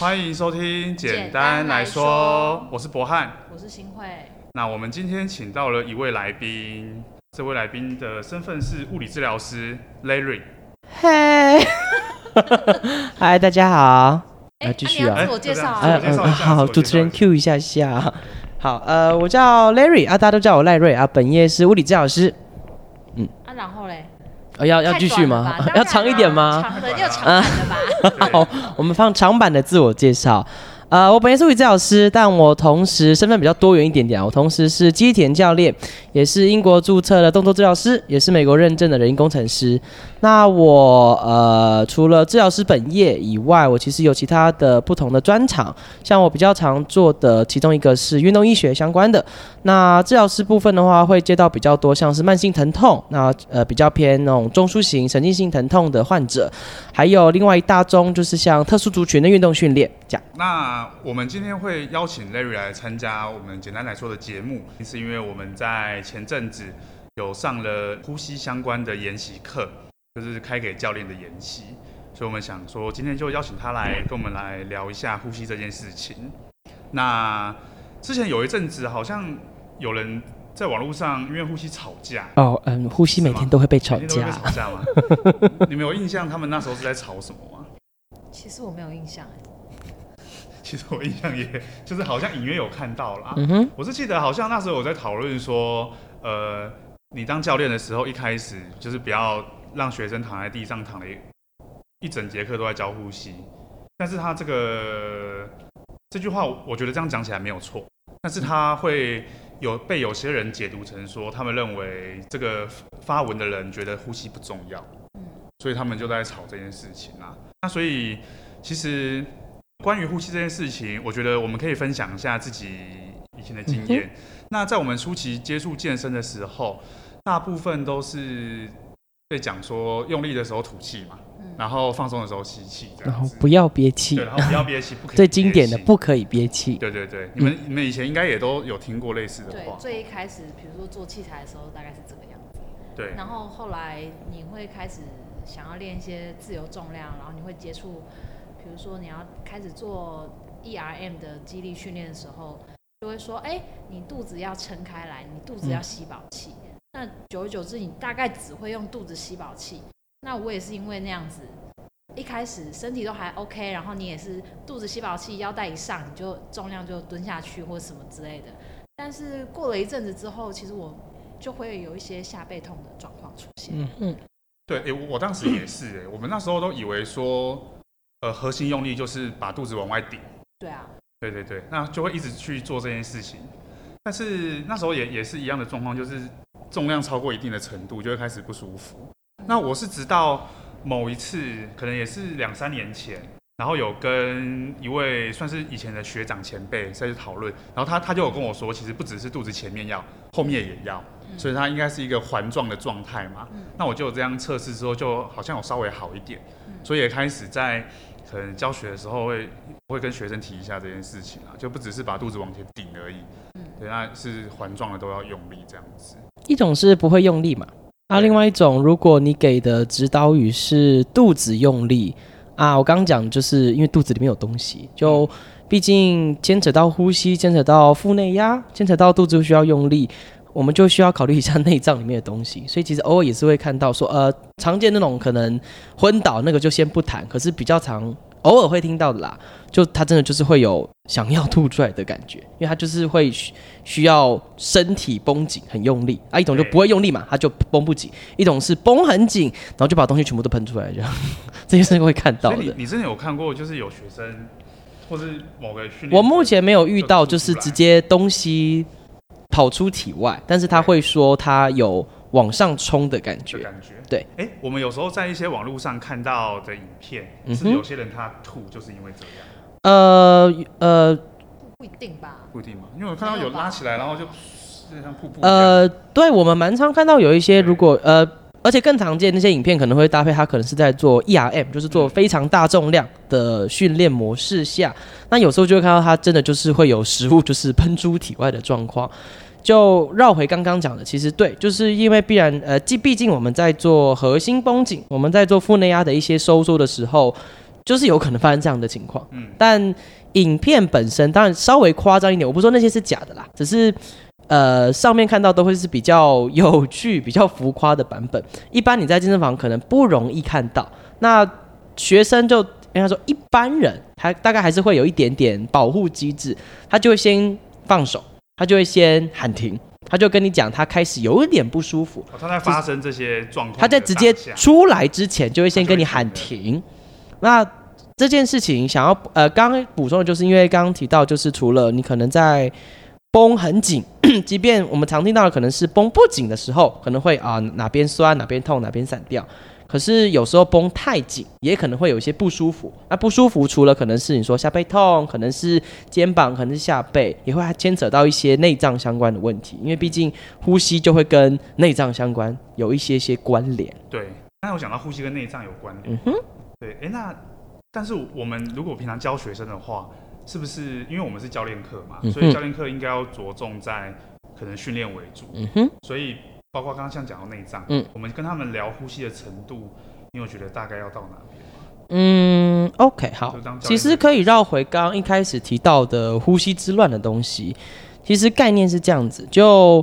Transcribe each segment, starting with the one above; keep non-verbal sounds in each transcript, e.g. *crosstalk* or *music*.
歡迎收聽簡，簡單來說，我是博翰，我是新慧。那我們今天請到了一位來賓，這位來賓的身份是物理治療師 Larry。嘿，嗨 Hey *laughs* 大家好，來誒、啊、繼續啊，啊，自啊、欸，自我介紹啊，啊呃呃、好，主持人 Cue 一,一下下。好，呃，我叫 Larry 啊，大家都叫我賴瑞啊，本業是物理治療師。嗯，啊、然後嘞？要要繼續嗎？ *laughs* 要長一點嗎？長的就長吧 *laughs* 對 *laughs* 好，我們放長版的自我介紹。呃，我本身是物理治療師，但我同時身份比較多元一點點。我同時是基田教練，也是英國注冊的動作治療師，也是美國認證的人因工程師。那我呃，除了治療師本業以外，我其實有其他的不同的專長。像我比較常做的，其中一個是運動醫學相關的。那治療師部分的話，會接到比較多像是慢性疼痛，那呃比較偏那種中樞型、神經性疼痛的患者，還有另外一大宗就是像特殊族群的運動訓練這樣。那我們今天會邀請 Larry 來參加我們簡單來說的節目，是因,因為我們在前陣子有上了呼吸相關的研習課，就是開給教練的研習，所以我們想說今天就邀請他來跟我們來聊一下呼吸這件事情。那之前有一陣子好像有人在網絡上因為呼吸吵架哦，oh, 嗯，呼吸每天都會被吵架，吵架嗎？你沒有印象他們那時候是在吵什麼嗎？其實我沒有印象哎。其實我印象也，就是好像隱約有看到啦。我是記得好像那時候我在討論說，呃，你當教練的時候一開始就是不要讓學生躺在地上躺了一一整節課都在教呼吸，但是他這個這句話，我覺得這樣講起來沒有錯，但是他會有被有些人解讀成說，他們認為這個發文的人覺得呼吸不重要，嗯，所以他們就在吵這件事情啊。那所以其實。關於呼吸這件事情，我覺得我們可以分享一下自己以前的經驗。嗯、那在我們初期接觸健身的時候，大部分都是會講說用力的時候吐氣嘛，嗯、然後放鬆的時候吸氣，然後不要憋氣，然後 *laughs* 不要憋氣，不可以，最經典的不可以憋氣。對對對，嗯、你們你們以前應該也都有聽過類似的話。對，最一開始比如說做器材的時候，大概是這個樣子，對。然後後來你會開始想要練一些自由重量，然後你會接觸。比如說，你要開始做 E R M 的肌力訓練的時候，就會說：“哎、欸，你肚子要撐開來，你肚子要吸飽氣。嗯”那久而久之，你大概只會用肚子吸飽氣。那我也是因為那樣子，一開始身體都還 OK，然後你也是肚子吸飽氣，腰帶一上，你就重量就蹲下去或什麼之類的。但是過了一陣子之後，其實我就會有一些下背痛的狀況出現。嗯嗯，嗯對，哎、欸，我當時也是、欸，哎， *coughs* 我們那時候都以為說。呃，核心用力就是把肚子往外頂。對啊。對對對，那就會一直去做這件事情。但是那時候也也是一樣的狀況，就是重量超過一定的程度就會開始不舒服。那我是直到某一次，可能也是兩三年前，然後有跟一位算是以前的學長前輩在去討論，然後他他就有跟我說，其實不只是肚子前面要，後面也要，所以他應該是一個環狀的狀態嘛。那我就這樣測試之後，就好像有稍微好一點，所以也開始在。可能教學的時候會會跟學生提一下這件事情啊，就不只是把肚子往前頂而已。嗯，對，那是環狀的都要用力這樣子。一種是不會用力嘛，對啊，另外一種，如果你給的指導語是肚子用力啊，我剛剛講就是因為肚子裡面有東西，就畢竟牽扯到呼吸，牽扯到腹內壓，牽扯到肚子需要用力。我們就需要考慮一下內臟裡面的東西，所以其實偶爾也是會看到說，呃，常見那種可能昏倒那個就先不談，可是比較常偶爾會聽到的啦，就他真的就是會有想要吐出來的感覺，因為他就是會需要身體繃緊很用力啊，一種就不會用力嘛，他就繃不緊，對一種是繃很緊，然後就把東西全部都噴出來這這樣這些事情會看到的。你之前有看過就是有學生或是某個訓練？我目前沒有遇到，就是直接東西跑出體外，但是他會說他有往上衝的感覺。感覺對，哎，我們有時候在一些網絡上看到的影片，是不是有些人他吐就是因為這樣？呃、嗯、哼呃，呃不一定吧？不一定嗎？因為我看到有拉起來，然後就像瀑布一樣。呃，對我們蠻常看到有一些如果對呃。而且更常見，那些影片可能會搭配，它可能是在做 ERM，就是做非常大重量的訓練模式下。那有時候就會看到它真的就是會有食物就是噴出體外的狀況。就繞回剛剛講的，其實對，就是因為必然呃，既畢竟我們在做核心繃緊，我們在做腹內壓的一些收縮的時候，就是有可能發生這樣的情況。嗯，但影片本身當然稍微誇張一點，我不說那些是假的啦，只是。呃，上面看到都會是比較有趣、比較浮誇的版本，一般你在健身房可能不容易看到。那學生就，因為他說一般人，他大概還是會有一點點保護機制，他就會先放手，他就會先喊停，他就跟你講他開始有一點不舒服，哦。他在發生這些狀況這，狀況他在直接出來之前就會先跟你喊停。停。那這件事情想要呃，剛剛補充的就是，因為剛剛提到就是除了你可能在。繃很緊， *coughs* 即便我們常聽到的可能是繃不緊的時候，可能會啊、呃、哪邊酸哪邊痛哪邊散掉。可是有時候繃太緊，也可能會有一些不舒服。那不舒服除了可能是你說下背痛，可能是肩膀，可能是下背，也會牽扯到一些內臟相關的問題，因為畢竟呼吸就會跟內臟相關，有一些些關聯。對，剛才我講到呼吸跟內臟有關聯，嗯哼，對。哎、欸，那但是我們如果平常教學生的話。是不是因為我們是教練課嘛，嗯哼，所以教練課應該要着重在可能訓練為主，嗯哼，所以包括剛剛像講到內臟，嗯，我們跟他們聊呼吸的程度，你有覺得大概要到哪邊？嗯，OK，好，是是其實可以繞回剛剛一開始提到的呼吸之亂的東西，其實概念是這樣子，就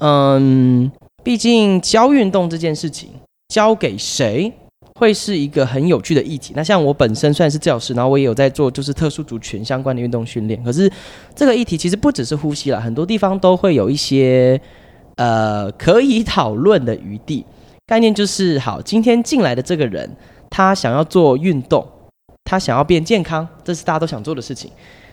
嗯，畢竟教運動這件事情教給誰？會是一個很有趣的議題。那像我本身雖然是教師，然後我也有在做就是特殊族群相關的運動訓練。可是這個議題其實不只是呼吸了，很多地方都會有一些呃可以討論的餘地。概念就是，好，今天進來的這個人，他想要做運動，他想要變健康，這是大家都想做的事情。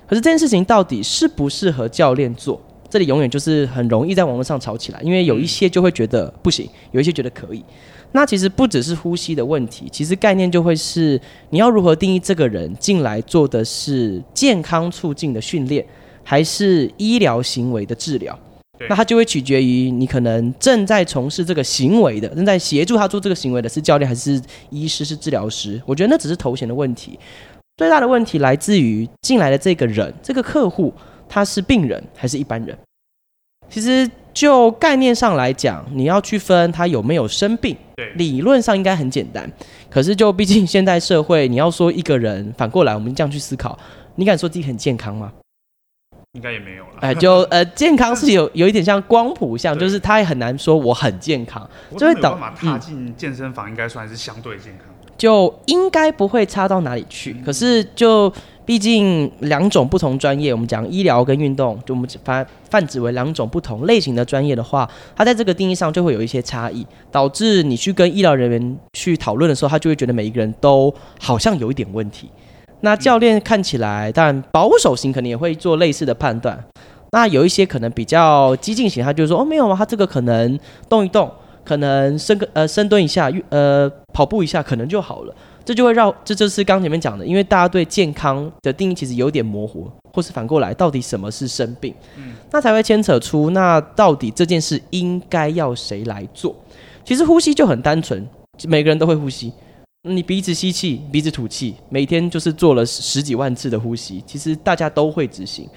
可是這件事情到底適不適合教練做？這裡永遠就是很容易在網絡上吵起來，因為有一些就會覺得不行，有一些覺得可以。那其實不只是呼吸的問題，其實概念就會是你要如何定義這個人進來做的是健康促進的訓練，還是醫療行為的治療？對那他就會取決於你可能正在從事這個行為的，正在協助他做這個行為的是教練還是醫師是治療師？我覺得那只是頭銜的問題，最大的問題來自於進來的這個人，這個客戶他是病人還是一般人？其實。就概念上來講，你要去分他有沒有生病，對，理論上應該很簡單。可是就畢竟現代社會，你要說一個人，反過來我們這樣去思考，你敢說自己很健康嗎？應該也沒有啦。哎、呃，就呃，健康是有有一點像光譜，像 *laughs* 就是他也很難說我很健康。對就會等碼踏進健身房應該算是相對健康、嗯，就應該不會差到哪裡去。嗯、可是就。畢竟兩種不同專業，我們講醫療跟運動，就我們只泛泛指為兩種不同類型的專業的話，它在這個定義上就會有一些差異，導致你去跟醫療人員去討論的時候，他就會覺得每一個人都好像有一點問題。那教練看起來，但保守型可能也會做類似的判斷。那有一些可能比較激進型，他就說哦，沒有啊，他這個可能動一動，可能深個呃深蹲一下，運呃跑步一下可能就好了。這就會繞，就這就是剛前面講的，因為大家對健康的定義其實有點模糊，或是反過來，到底什麼是生病？嗯，那才會牽扯出那到底這件事應該要誰來做？其實呼吸就很單純，每個人都會呼吸，你鼻子吸氣，鼻子吐氣，每天就是做了十幾萬次的呼吸，其實大家都會執行。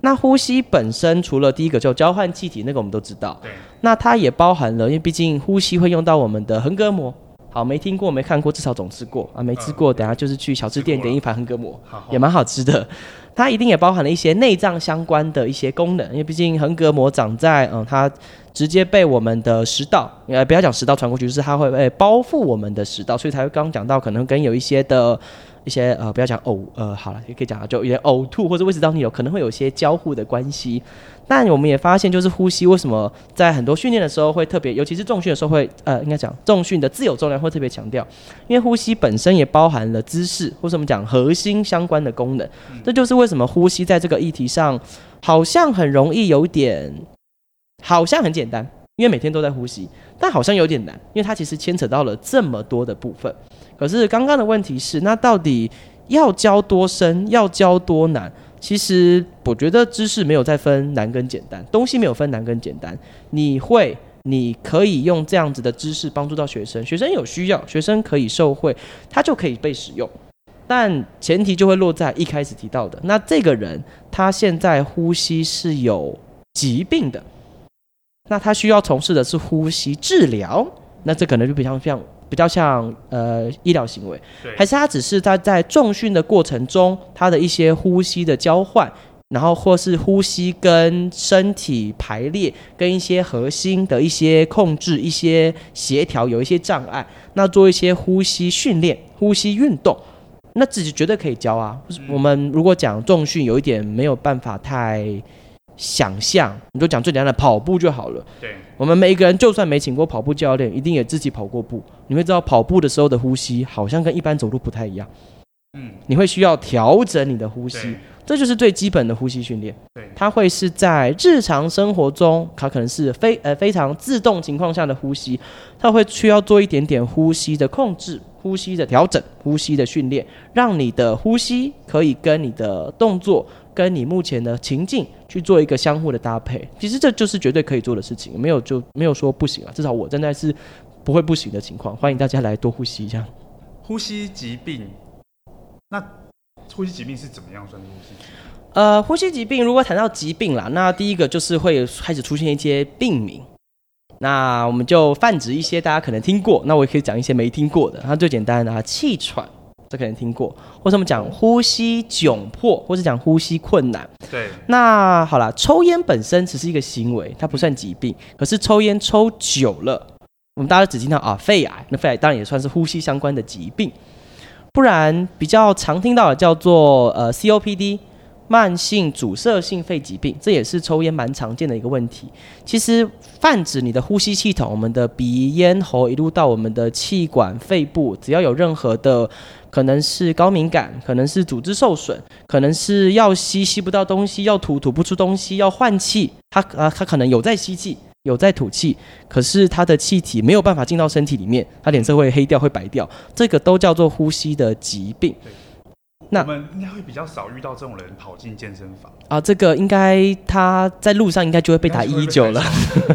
那呼吸本身除了第一個叫交換氣體那個我們都知道，對，那它也包含了，因為畢竟呼吸會用到我們的橫膈膜。好、哦，沒聽過，沒看過，至少總吃過啊，沒吃過，嗯、等一下就是去小吃店吃點一盤橫膈膜，好也蠻好吃的。哦、它一定也包含了一些內臟相關的一些功能，因為畢竟橫膈膜長在，嗯，它直接被我們的食道，呃，不要講食道傳過去，就是它會被包覆我們的食道，所以才會剛剛講到，可能跟有一些的。嗯一些呃，不要講嘔呃，好了，也可以講就有點嘔吐或者胃食道逆流，可能會有一些交互的關係。但我們也發現，就是呼吸為什麼在很多訓練的時候會特別，尤其是重訓的時候會呃，應該講重訓的自由重量會特別強調，因為呼吸本身也包含了姿勢或是我們講核心相關的功能。嗯、這就是為什麼呼吸在這個議題上好像很容易有點，好像很簡單，因為每天都在呼吸，但好像有點難，因為它其實牽扯到了這麼多的部分。可是剛剛的問題是，那到底要教多深，要教多難？其實我覺得知識沒有再分難跟簡單，東西沒有分難跟簡單。你會，你可以用這樣子的知識幫助到學生，學生有需要，學生可以受惠，他就可以被使用。但前提就會落在一開始提到的，那這個人他現在呼吸是有疾病的，那他需要從事的是呼吸治療，那這可能就比較像。比較像呃醫療行為，對還是他只是他在重訓的過程中，他的一些呼吸的交換，然後或是呼吸跟身體排列跟一些核心的一些控制，一些協調有一些障礙，那做一些呼吸訓練、呼吸運動，那自己絕對可以教啊。嗯、我們如果講重訓，有一點沒有辦法太想象你就講最簡單的跑步就好了。對，我們每一個人就算沒請過跑步教練，一定也自己跑過步。你會知道跑步的時候的呼吸好像跟一般走路不太一樣。嗯，你會需要調整你的呼吸，對這就是最基本的呼吸訓練。對，它會是在日常生活中，它可能是非呃非常自動情況下的呼吸，它會需要做一點點呼吸的控制、呼吸的調整、呼吸的訓練，讓你的呼吸可以跟你的動作跟你目前的情境去做一個相互的搭配，其實這就是絕對可以做的事情，沒有就沒有說不行啊，至少我真的是不會不行的情況。歡迎大家來多呼吸一下。呼吸疾病，那呼吸疾病是怎麼樣算東西呃，呼吸疾病如果談到疾病啦，那第一個就是會開始出現一些病名，那我們就泛指一些大家可能聽過，那我也可以講一些沒聽過的。那最簡單的，氣喘。這可能聽過，或是我們講呼吸窘迫，或是講呼吸困難。對，那好了，抽菸本身只是一個行為，它不算疾病。可是抽菸抽久了，我們大家只聽到啊肺癌，那肺癌當然也算是呼吸相關的疾病。不然比較常聽到的叫做呃 COPD，慢性阻塞性肺疾病，這也是抽菸蠻常見的一個問題。其實泛指你的呼吸系統，我們的鼻咽喉一路到我們的氣管、肺部，只要有任何的。可能是高敏感，可能是組織受損，可能是要吸吸不到東西，要吐吐不出東西，要換氣。他呃，他、啊、可能有在吸氣，有在吐氣，可是他的氣體沒有辦法進到身體裡面，他臉色會黑掉，會白掉，這個都叫做呼吸的疾病。對那我們應該會比較少遇到這種人跑進健身房啊。這個應該他在路上應該就會被打一一九了、了。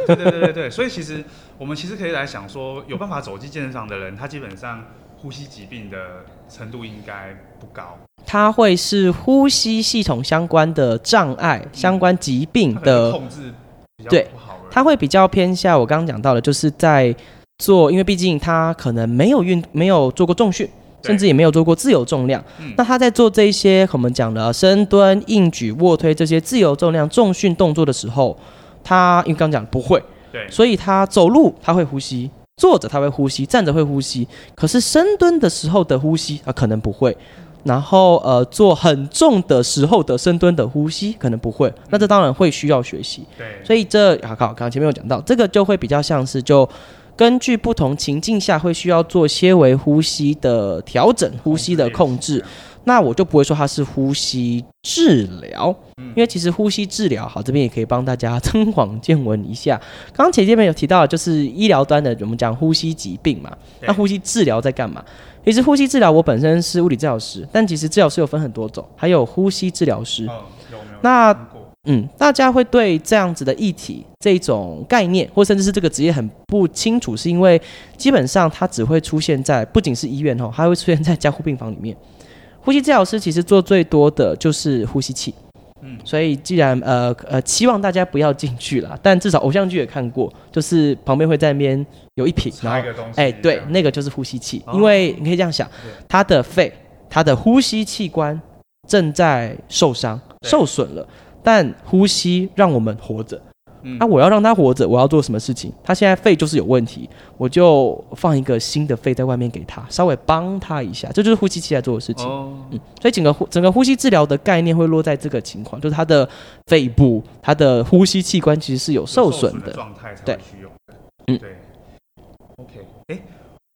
對對對對對。 *laughs* 所以其實我們其實可以來想說，有辦法走進健身房的人，他基本上。呼吸疾病的程度應該不高，他會是呼吸系統相關的障礙、相關疾病的、嗯、控制比較不好，對，他會比較偏向我剛剛講到的，就是在做，因為畢竟他可能沒有運、沒有做過重訓，對甚至也沒有做過自由重量。嗯、那他在做這些我們講的深蹲、硬舉、臥推這些自由重量重訓動作的時候，他因為剛剛講不會，對，所以他走路他會呼吸。坐着他會呼吸，站着會呼吸，可是深蹲的時候的呼吸啊，可能不會。然後呃，做很重的時候的深蹲的呼吸，可能不會。那這當然會需要學習。對、嗯，所以這好，剛、啊、剛前面有講到，這個就會比較像是就根據不同情境下會需要做些微呼吸的調整，呼吸的控制。那我就不會說它是呼吸治療，嗯、因為其實呼吸治療，好，這邊也可以幫大家增廣見聞一下。剛剛姐姐這邊有提到，就是醫療端的我們講呼吸疾病嘛，那呼吸治療在幹嘛？對其實呼吸治療，我本身是物理治療師，但其實治療師有分很多種，還有呼吸治療師。哦、有沒有，那有沒有，有沒有，嗯，大家會對這樣子的議題、這種概念，或甚至是這個職業很不清楚，是因為基本上它只會出現在不僅是醫院哦，還會出現在加護病房裡面。呼吸治療師其實做最多的就是呼吸器。嗯、所以既然呃呃，希、呃、望大家不要進去了，但至少偶像劇也看過，就是旁邊會在那邊有一瓶，然後哎、欸，對，那個就是呼吸器，哦、因為你可以這樣想，對他的肺，他的呼吸器官正在受傷、受損了，對但呼吸讓我們活着。那、嗯啊、我要讓他活着，我要做什麼事情？他現在肺就是有問題，我就放一個新的肺在外面給他，稍微幫他一下，這就是呼吸器在做的事情。哦、嗯，所以整個整個呼吸治療的概念會落在這個情況，就是他的肺部、他的呼吸器官其實是有受損的狀態才去用的。對嗯，對。Okay. 欸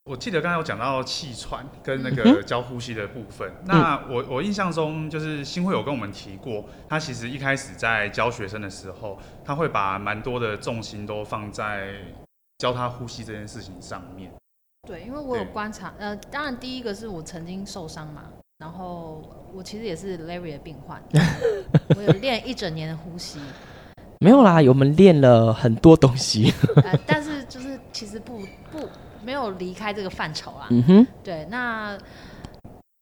我記得剛才有講到氣喘跟那個教呼吸的部分。嗯、哼那我我印象中就是新會有跟我們提過，他其實一開始在教學生的時候，他會把蠻多的重心都放在教他呼吸這件事情上面。對，因為我有觀察，對呃，當然第一個是我曾經受傷嘛，然後我其實也是 Larry 的病患， *laughs* 我有練一整年的呼吸，沒有啦，我們練了很多東西、 *laughs* 呃，但是就是其實不不。沒有離開這個範疇啊。嗯哼。對，那，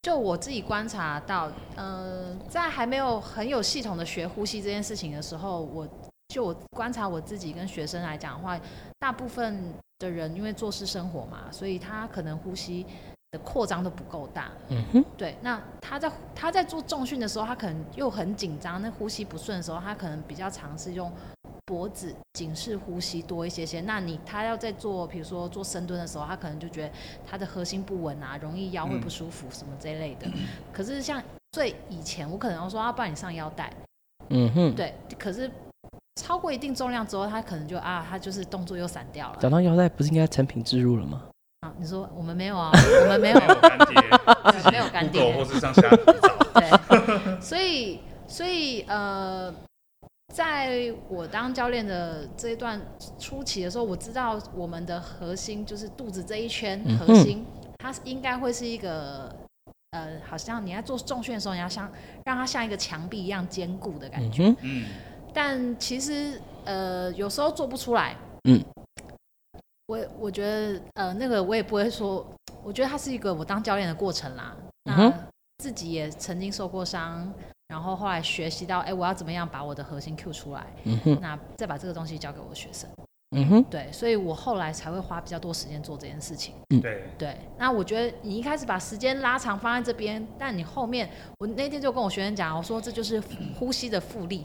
就我自己觀察到，呃，在還沒有很有系統的學呼吸這件事情的時候，我就我觀察我自己跟學生來講的話，大部分的人因為坐式生活嘛，所以他可能呼吸的擴張都不夠大。嗯哼。對，那他在他在做重訓的時候，他可能又很緊張，那呼吸不順的時候，他可能比較嘗試用。脖子頸式呼吸多一些些，那你他要在做，比如說做深蹲的時候，他可能就覺得他的核心不穩啊，容易腰會不舒服什麼這一類的。嗯、可是像最以前，我可能說啊，幫你上腰帶，嗯哼，對。可是超過一定重量之後，他可能就啊，他就是動作又散掉了。講到腰帶，不是應該成品置入了嗎？啊，你說我們沒有啊，我們沒有， *laughs* 沒有乾爹，對。所以，所以呃。在我當教練的這一段初期的時候，我知道我們的核心就是肚子這一圈、嗯、哼核心，它應該會是一個呃，好像你在做重訓的時候，你要像讓它像一個牆壁一樣堅固的感覺。嗯哼，但其實呃，有時候做不出來。嗯，我我覺得呃，那個我也不會說，我覺得它是一個我當教練的過程啦。嗯，那自己也曾經受過傷。然後後來學習到，哎、欸，我要怎麼樣把我的核心 cue 出來？嗯哼，那再把這個東西交給我的學生。嗯哼，對，所以我後來才會花比較多時間做這件事情。嗯，對，對。那我覺得你一開始把時間拉長放在這邊，但你後面，我那天就跟我學生講，我說這就是呼吸的複利。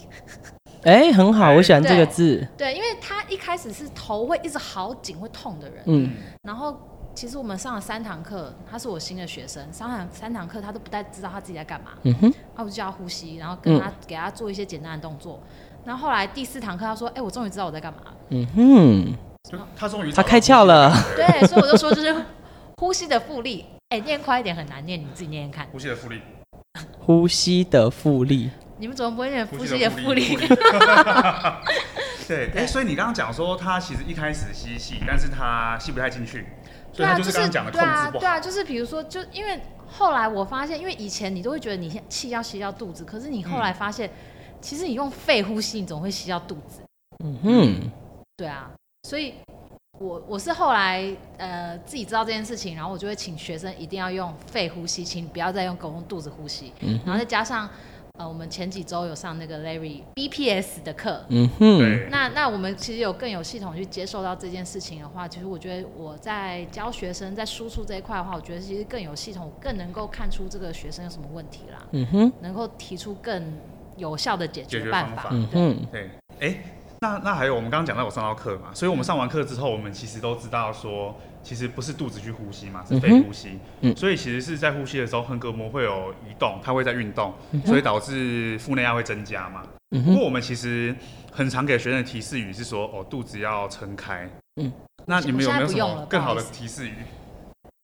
哎、 *laughs* 欸，很好，我喜歡這個字。對，對，因為他一開始是頭會一直好緊、會痛的人。嗯，然後。其實我們上了三堂課，他是我新的學生，三堂三堂課他都不太知道他自己在幹嘛，嗯哼，我就叫他呼吸，然後跟他、嗯、給他做一些簡單的動作，然後後來第四堂課他說，哎，我終於知道我在幹嘛，嗯哼，他終於他開竅了，對，所以我就說就是 *laughs* 呼吸的複利，哎，念快一點很難念，你自己念念看，呼吸的複利，呼吸的複利。你們怎麼不會念呼吸的複利？對，哎，所以你剛剛講說他其實一開始吸氣，但是他吸不太進去。對啊，就是對啊，對啊，就是比如說，就因為後來我發現，因為以前你都會覺得你氣要吸到肚子，可是你後來發現，嗯、其實你用肺呼吸，你總會吸到肚子。嗯哼，對啊，所以我我是後來呃自己知道這件事情，然後我就會請學生一定要用肺呼吸，請你不要再用狗用肚子呼吸，然後再加上。呃，我們前幾周有上那個 Larry BPS 的課，嗯哼，對那那我們其實有更有系統去接受到這件事情的話，其實我覺得我在教學生在輸出這一塊的話，我覺得其實更有系統，更能夠看出這個學生有什麼問題啦，嗯哼，能夠提出更有效的解決解決辦法，嗯哼，對，對欸那那還有，我們剛剛講到我上到課嘛，所以我們上完課之後，我們其實都知道說，其實不是肚子去呼吸嘛，是肺呼吸。嗯，嗯，所以其實是在呼吸的時候，橫膈膜會有移動，它會在運動，嗯、哼所以導致腹內壓會增加嘛。嗯、哼不過我們其實很常給學生的提示語是說，哦，肚子要撐開。嗯，那你們有沒有什麼更好的提示語？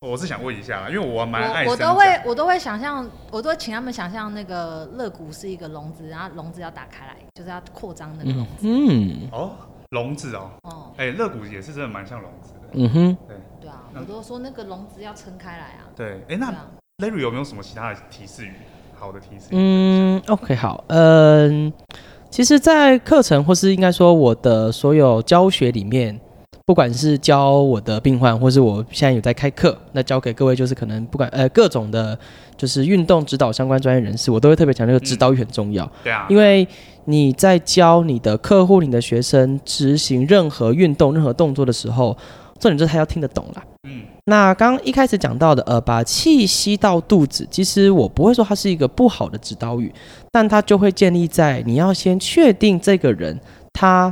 我是想問一下，因為我蠻愛我。我都會，我都會想象，我都會請他們想象那個肋骨是一個籠子，然後籠子要打開來，就是要擴張那個籠子。嗯，嗯哦，籠子哦，哦，哎、欸，肋骨也是真的蠻像籠子的。嗯哼，對。對啊，我都那說那個籠子要撐開來啊。對，哎、欸，那 Larry 有沒有什麼其他的提示語？好的提示語？嗯，OK，好，嗯，其實在，在課程或是應該說我的所有教學裡面。不管是教我的病患，或是我現在有在開課，那教給各位就是可能不管呃各種的，就是運動指導相關專業人士，我都會特別強調這個指導語很重要。嗯、對啊，對啊。因為你在教你的客戶、你的學生執行任何運動、任何動作的時候，重點就是他要聽得懂啦。嗯，那剛剛一開始講到的，呃，把氣吸到肚子，其實我不會說它是一個不好的指導語，但它就會建立在你要先確定這個人他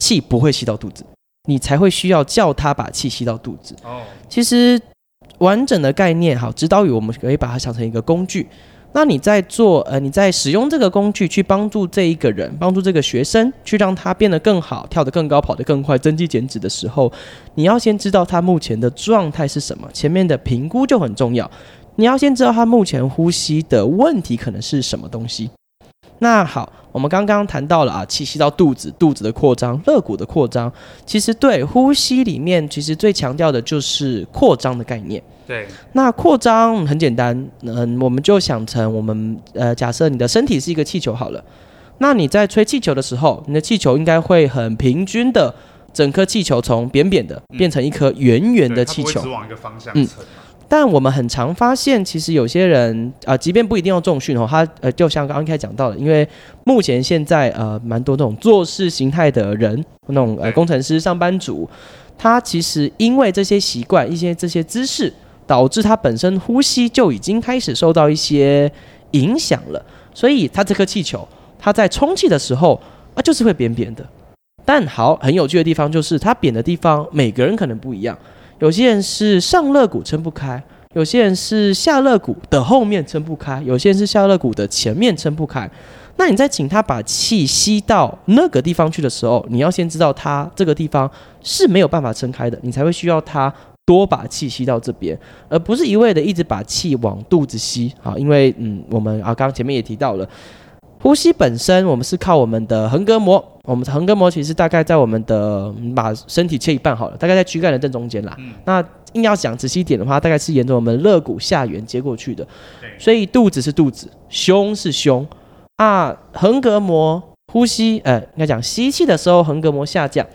氣不會吸到肚子，你才會需要叫他把氣吸到肚子。哦，Oh. 其實完整的概念，好，指導語我們可以把它想成一個工具。那你在做，呃，你在使用這個工具去幫助這一個人，幫助這個學生去讓他變得更好，跳得更高，跑得更快，增肌減脂的時候，你要先知道他目前的狀態是什麼，前面的評估就很重要。你要先知道他目前呼吸的問題可能是什麼東西。那好，我們剛剛談到了啊，氣吸到肚子，肚子的擴張，肋骨的擴張，其實對呼吸裡面其實最強調的就是擴張的概念。對，那擴張很簡單，嗯，我們就想成我們呃，假設你的身體是一個氣球好了，那你在吹氣球的時候，你的氣球應該會很平均的，整顆氣球從扁扁的變成一顆圓圓的氣球，嗯。但我們很常發現，其實有些人啊、呃，即便不一定要重訓哦，他呃，就像剛剛開講到的，因為目前現在呃，蠻多那種坐式型態的人，那種呃工程師、上班族，他其實因為這些習慣、一些這些姿勢，導致他本身呼吸就已經開始受到一些影響了，所以他這顆氣球，他在充氣的時候啊，就是會扁扁的。但好，很有趣的地方就是，他扁的地方，每個人可能不一樣。有些人是上肋骨撐不開，有些人是下肋骨的後面撐不開，有些人是下肋骨的前面撐不開。那你在請他把氣吸到那個地方去的時候，你要先知道他這個地方是沒有辦法撐開的，你才會需要他多把氣吸到這邊，而不是一味的一直把氣往肚子吸。啊。因為嗯，我們啊，剛剛前面也提到了，呼吸本身我們是靠我們的橫膈膜。我們橫膈膜其實大概在我們的把身體切一半好了，大概在軀幹的正中間啦。嗯。那硬要想仔細一點的話，大概是沿着我們肋骨下緣接過去的。對，所以肚子是肚子，胸是胸啊，橫膈膜呼吸，呃，應該講吸氣的時候橫膈膜下降，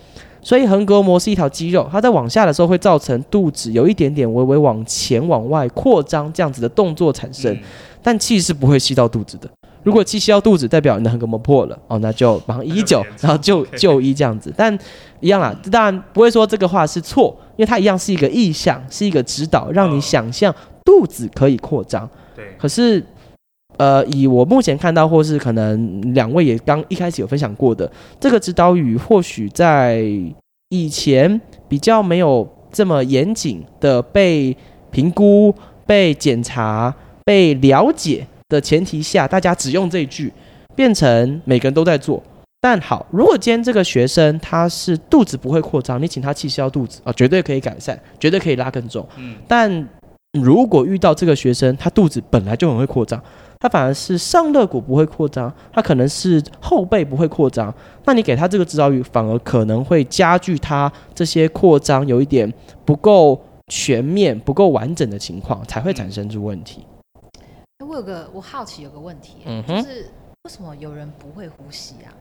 所以橫膈膜是一條肌肉，它在往下的時候會造成肚子有一點點微微往前往外擴張這樣子的動作產生，嗯。但氣是不會吸到肚子的。如果氣吸到肚子，代表你的橫膈膜破了哦，那就馬上119，然後就就醫這樣子。Okay. 但一樣啦，當然不會說這個話是錯，因為它一樣是一個意向，是一個指導，讓你想象肚子可以擴張。Oh. 對。可是，呃，以我目前看到，或是可能兩位也剛一開始有分享過的這個指導語，或許在以前比較沒有這麼嚴謹的被評估、被檢查、被了解，的前提下，大家只用這一句，變成每個人都在做。但好，如果今天這個學生他是肚子不會擴張，你請他氣消肚子啊、哦，絕對可以改善，絕對可以拉更重。嗯、但如果遇到這個學生，他肚子本來就很會擴張，他反而是上肋骨不會擴張，他可能是後背不會擴張，那你給他這個指導語，反而可能會加劇他這些擴張有一點不夠全面、不夠完整的情況，才會產生出問題。嗯我有個我好奇有個問題，嗯、哼就是為什麼有人不會呼吸啊？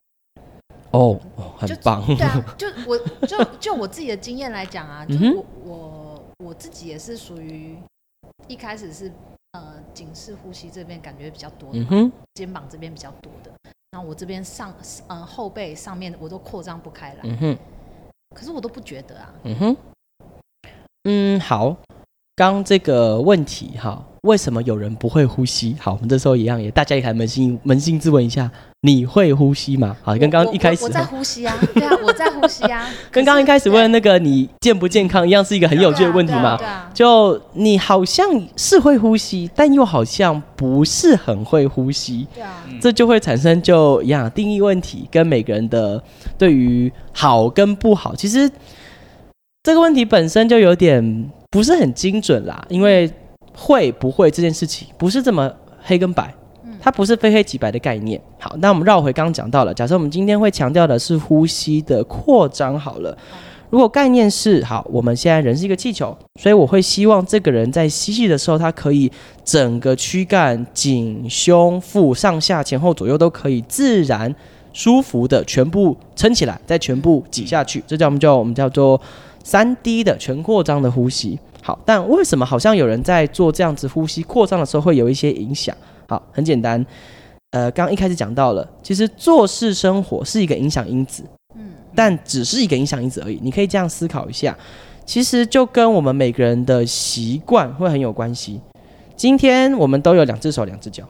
哦、oh, oh, 就，很棒！對啊，就我 *laughs* 就就我自己的經驗來講啊，嗯、哼就是我我我自己也是屬於一開始是呃，頸式呼吸這邊感覺比較多的，嗯、哼肩膀這邊比較多的。然後我這邊上嗯、呃、後背上面我都擴張不開來，嗯、哼可是我都不覺得啊。嗯哼。嗯，好。剛這個問題哈，為什麼有人不會呼吸？好，我們這時候一樣也大家也來捫心捫心自問一下：你會呼吸嗎？好，跟剛剛一開始我，我，我在呼吸啊， *laughs* 對啊，我在呼吸啊， *laughs* 是跟剛剛一開始問那個你健不健康一樣，是一個很有趣的問題嘛？就你好像是會呼吸，但又好像不是很會呼吸，對啊，這就會產生就一樣定義問題，跟每個人的對於好跟不好，其實這個問題本身就有點。不是很精準啦，因為會不會這件事情不是這麼黑跟白，它不是非黑即白的概念。好，那我們繞回剛剛講到了，假設我們今天會強調的是呼吸的擴張。好了，如果概念是好，我們現在人是一個氣球，所以我會希望這個人在吸氣的時候，他可以整個軀幹、頸、胸、腹、上下、前後、左右都可以自然舒服的全部撐起來，再全部擠下去，這叫我們叫我們叫做。三 D 的全擴張的呼吸。好，但為什麼好像有人在做這樣子呼吸擴張的時候會有一些影響？好，很簡單，呃，剛剛一開始講到了，其實坐式生活是一個影響因子，嗯，但只是一個影響因子而已。你可以這樣思考一下，其實就跟我們每個人的習慣會很有關係。今天我們都有兩隻手、兩隻腳，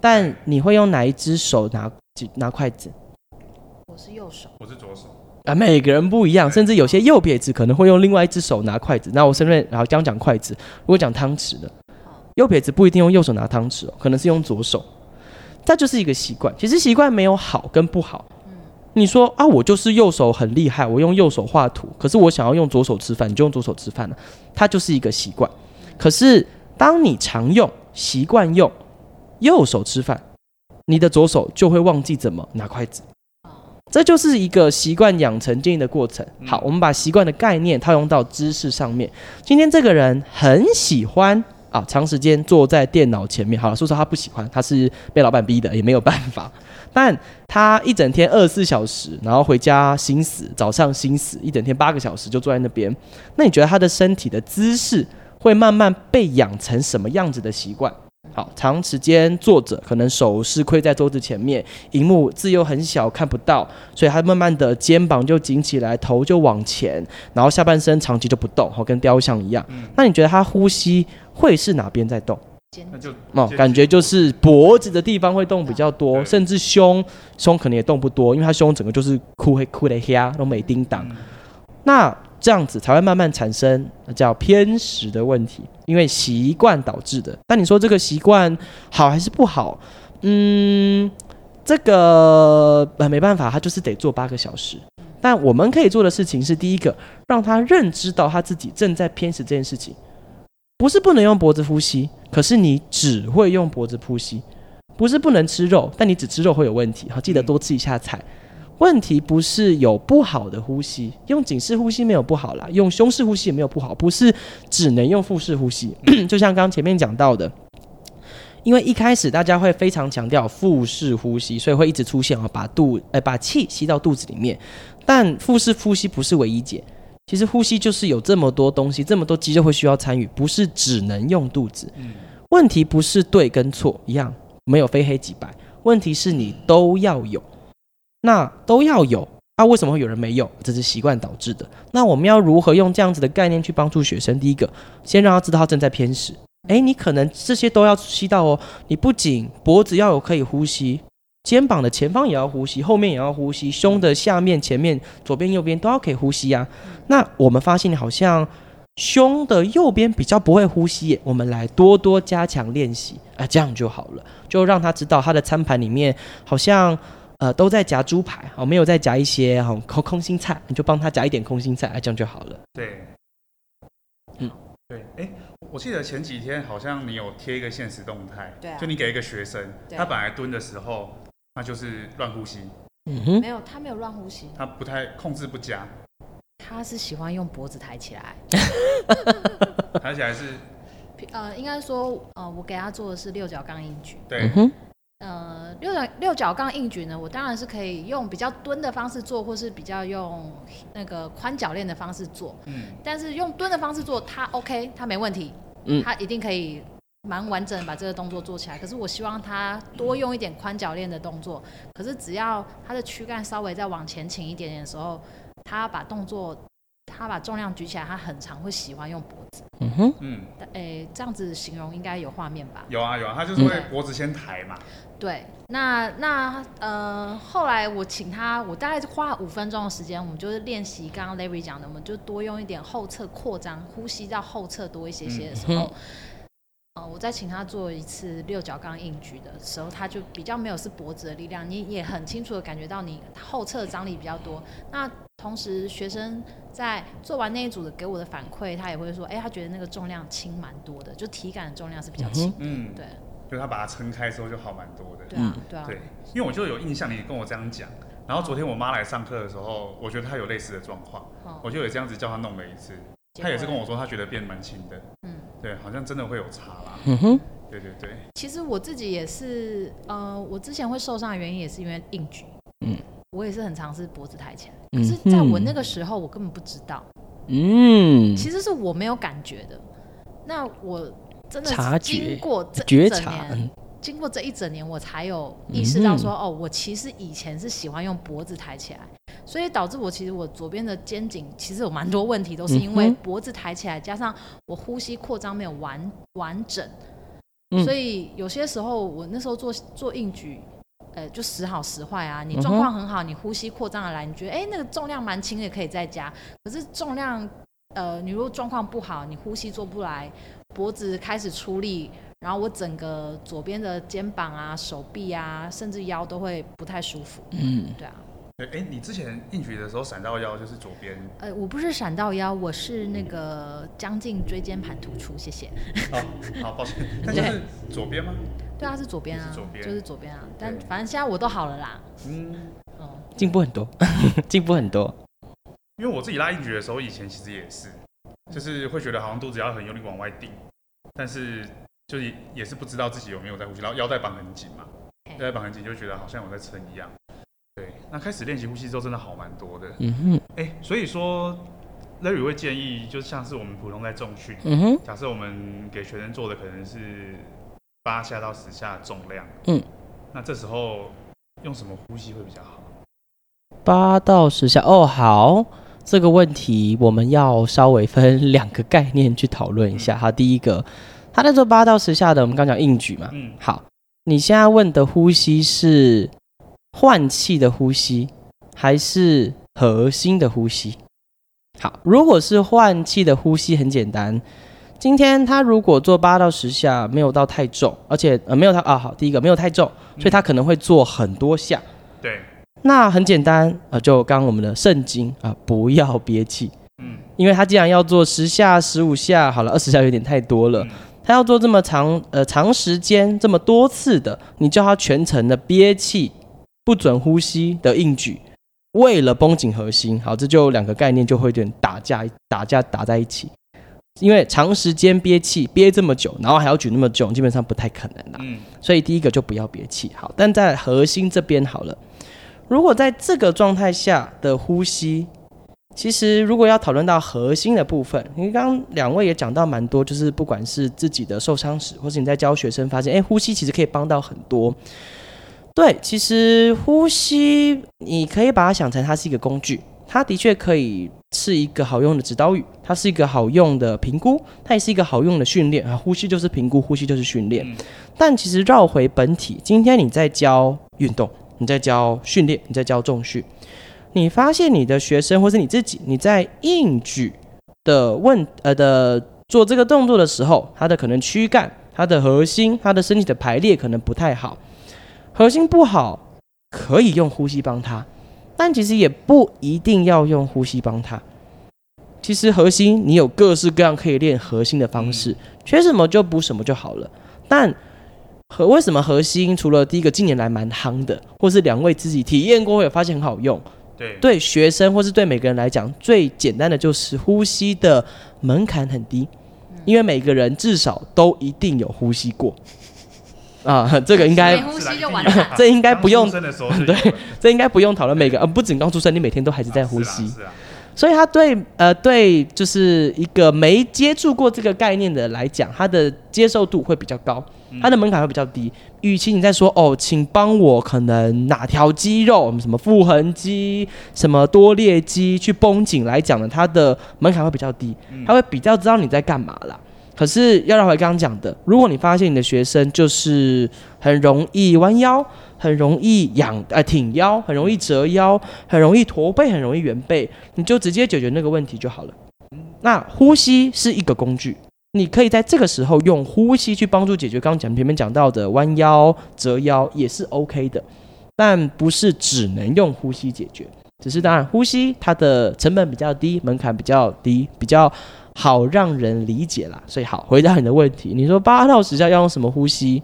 但你會用哪一隻手拿拿筷子？我是右手，我是左手。啊，每個人不一樣，甚至有些右撇子可能會用另外一隻手拿筷子。那我順便然後講講筷子。如果講湯匙的，右撇子不一定用右手拿湯匙哦，可能是用左手。這就是一個習慣。其實習慣沒有好跟不好。你說啊，我就是右手很厲害，我用右手畫圖，可是我想要用左手吃飯，你就用左手吃飯了啊。它就是一個習慣。可是當你常用、習慣用右手吃飯，你的左手就會忘記怎麼拿筷子。這就是一個習慣養成建議的過程。好，我們把習慣的概念套用到姿勢上面。今天這個人很喜歡啊，長時間坐在電腦前面。好了，說說他不喜歡，他是被老闆逼的，也沒有辦法。但他一整天二十四小時，然後回家心死，早上心死，一整天八個小時就坐在那邊。那你覺得他的身體的姿勢會慢慢被養成什麼樣子的習慣？好，長時間坐着，可能手是跪在桌子前面，螢幕，字又很小看不到，所以他慢慢的肩膀就緊起來，頭就往前，然後下半身長期就不動，好，跟雕像一樣。嗯、那你覺得他呼吸會是哪邊在動？那就子哦，子感覺就是脖子的地方會動比較多，嗯、甚至胸，胸可能也動不多，因為他胸整個就是哭黑的黑啊，都沒叮當。嗯、那這樣子才會慢慢產生叫偏食的問題，因為習慣導致的。但你說這個習慣好還是不好？嗯，這個、呃、沒辦法，他就是得做八個小時。但我們可以做的事情是第一個，讓他認知到他自己正在偏食這件事情。不是不能用脖子呼吸，可是你只會用脖子呼吸；不是不能吃肉，但你只吃肉會有問題。好，記得多吃一下菜。嗯問題不是有不好的呼吸，用頸式呼吸沒有不好啦，用胸式呼吸也沒有不好，不是只能用腹式呼吸。咳咳，就像剛前面講到的，因為一開始大家會非常強調腹式呼吸，所以會一直出現啊、哦，把肚哎、呃、把氣吸到肚子裡面。但腹式呼吸不是唯一解，其實呼吸就是有這麼多東西，這麼多肌肉會需要參與，不是只能用肚子。嗯、問題不是對跟錯一樣，沒有非黑即白，問題是你都要有。那都要有，那、啊，為什麼會有人沒有？這是習慣導致的。那我們要如何用這樣子的概念去幫助學生？第一個，先讓他知道他正在偏食。誒，你可能這些都要吸到哦。你不僅脖子要有可以呼吸，肩膀的前方也要呼吸，後面也要呼吸，胸的下面、前面、左邊、右邊都要可以呼吸啊。那我們發現你好像胸的右邊比較不會呼吸，我們來多多加強練習啊，這樣就好了，就讓他知道他的餐盤裡面好像。呃，都在夾豬排，我、哦、沒有再夾一些空、哦、空心菜，你就幫他夾一點空心菜，啊，這樣就好了。對，嗯，對，哎，欸，我記得前幾天好像你有貼一個限時動態，對，啊，就你給一個學生，對他本來蹲的時候，他就是亂呼吸，嗯哼，沒有，他沒有亂呼吸，他不太控制不佳，他是喜歡用脖子抬起來， *laughs* 抬起來是，呃，應該說，呃，我給他做的是六角槓硬舉，對。嗯哼呃，六角六角槓硬舉呢，我當然是可以用比較蹲的方式做，或是比較用那個寬腳鏈的方式做。嗯，但是用蹲的方式做，它 OK，它沒問題，他、嗯、它一定可以蠻完整把這個動作做起來。可是我希望他多用一點寬腳鏈的動作。可是只要他的軀幹稍微再往前傾一點點的時候，他把動作。他把重量舉起來，他很常會喜歡用脖子。嗯哼，嗯，誒，這樣子形容應該有畫面吧？有啊，有啊，他就是會脖子先抬嘛。嗯、對，那那呃，後來我請他，我大概花五分鐘的時間，我們就是練習剛剛 Larry 講的，我們就多用一點後側擴張，呼吸到後側多一些些的時候。嗯呵呵呃，我在請他做一次六角槓硬舉的時候，他就比較沒有是脖子的力量，你也很清楚地感覺到你後側的張力比較多。那同時，學生在做完那一組的給我的反饋，他也會說，哎、欸，他覺得那個重量輕蠻多的，就體感的重量是比較輕的，嗯、對，就他把它撐開之後就好蠻多的，對、啊、對、啊、對，因為我就有印象你跟我這樣講，然後昨天我媽來上課的時候，我覺得她有類似的狀況，我就有這樣子叫她弄了一次，她也是跟我說，她覺得變蠻輕的。對，好像真的會有差啦。嗯哼，對對對。其實我自己也是，呃，我之前會受傷的原因也是因為硬舉。嗯，我也是很嘗試脖子抬起來，嗯、哼可是在我那個時候，我根本不知道。嗯，其實是我沒有感覺的。那我真的是經過這察覺過覺察經過這一整年，我才有意識到說，嗯、哼哦，我其實以前是喜歡用脖子抬起來，所以導致我其實我左邊的肩頸其實有蠻多問題，都是因為脖子抬起來，嗯、哼加上我呼吸擴張沒有完完整。嗯、所以有些時候，我那時候做做硬舉，呃，就時好時壞啊。你狀況很好，嗯、哼你呼吸擴張的來，你覺得哎那個重量蠻輕，也可以再加。可是重量呃，你如果狀況不好，你呼吸做不來，脖子開始出力。然後我整個左邊的肩膀啊、手臂啊，甚至腰都會不太舒服。嗯，對啊。哎、欸，你之前硬舉的時候閃到腰，就是左邊？呃、欸，我不是閃到腰，我是那個將近椎間盤突出。謝謝。好、哦，好，抱歉。那是 *laughs* 對左邊嗎？對啊，是左邊啊，左邊就是左邊啊。對但反正現在我都好了啦。嗯，哦、嗯，進步很多，進 *laughs* 步很多。因為我自己拉硬舉的時候，以前其實也是，就是會覺得好像肚子要很用力往外頂，但是。就是也是不知道自己有沒有在呼吸，然後腰帶綁很緊嘛，腰帶綁很緊就覺得好像我在撐一樣。對，那開始練習呼吸之後，真的好蠻多的。嗯哼，哎，所以說，Larry 會建議，就像是我們普通在重訓，嗯哼，假設我們給學生做的可能是八下到十下的重量，嗯，那這時候用什麼呼吸會比較好？八到十下，哦，好，這個問題我們要稍微分兩個概念去討論一下。好，嗯，第一個。他在做八到十下的，我們剛講硬舉嘛。嗯。好，你現在問的呼吸是換氣的呼吸還是核心的呼吸？好，如果是換氣的呼吸，很簡單。今天他如果做八到十下，沒有到太重，而且呃沒有他啊好，第一個沒有太重，所以他可能會做很多下。對。那很簡單啊，就剛剛我們的聖經啊，不要憋氣。嗯。因為他既然要做十下、十五下，好了，二十下有點太多了。他要做這麼長，呃，長時間這麼多次的，你叫他全程的憋氣，不准呼吸的硬舉，為了繃緊核心，好，這就兩個概念就會有點打架，打架打在一起，因為長時間憋氣，憋這麼久，然後還要舉那麼久，基本上不太可能了。嗯，所以第一個就不要憋氣，好，但在核心這邊好了，如果在這個狀態下的呼吸。其實，如果要討論到核心的部分，因為剛剛兩位也講到蠻多，就是不管是自己的受傷史，或是你在教學生，發現，哎，呼吸其實可以幫到很多。對，其實呼吸你可以把它想成它是一個工具，它的確可以是一個好用的指導語，它是一個好用的評估，它也是一個好用的訓練，啊，呼吸就是評估，呼吸就是訓練。但其實繞回本體，今天你在教運動，你在教訓練，你在教重訓。你發現你的學生或是你自己，你在硬舉的問呃的做這個動作的時候，他的可能軀幹、他的核心、他的身體的排列可能不太好。核心不好可以用呼吸幫他，但其實也不一定要用呼吸幫他。其實核心你有各式各樣可以練核心的方式，缺什麼就補什麼就好了。但何為什麼核心除了第一個近年來蠻夯的，或是兩位自己體驗過也發現很好用。對，對學生或是對每個人來講，最簡單的就是呼吸的門檻很低，因為每個人至少都一定有呼吸過、嗯、啊。這個應該，呼吸就完了、啊，這應該不用。對，這應該不用討論。每個呃對、啊，不只剛出生，你每天都還是在呼吸，啊、所以他對呃對，就是一個沒接觸過這個概念的來講，他的接受度會比較高。它的門檻會比較低，與其你在說哦，請幫我可能哪條肌肉，我們什麼腹橫肌，什麼多裂肌去繃緊來講呢？它的門檻會比較低，它會比較知道你在幹嘛啦。可是要繞回剛剛講的，如果你發現你的學生就是很容易彎腰，很容易仰呃挺腰，很容易折腰，很容易駝背，很容易圓背、背，你就直接解決那個問題就好了。那呼吸是一個工具。你可以在這個時候用呼吸去幫助解決，剛剛講前面講到的彎腰、折腰也是 OK 的，但不是只能用呼吸解決，只是當然呼吸它的成本比較低，門檻比較低，比較好讓人理解啦。所以好，回答你的問題，你說八到十下要用什麼呼吸？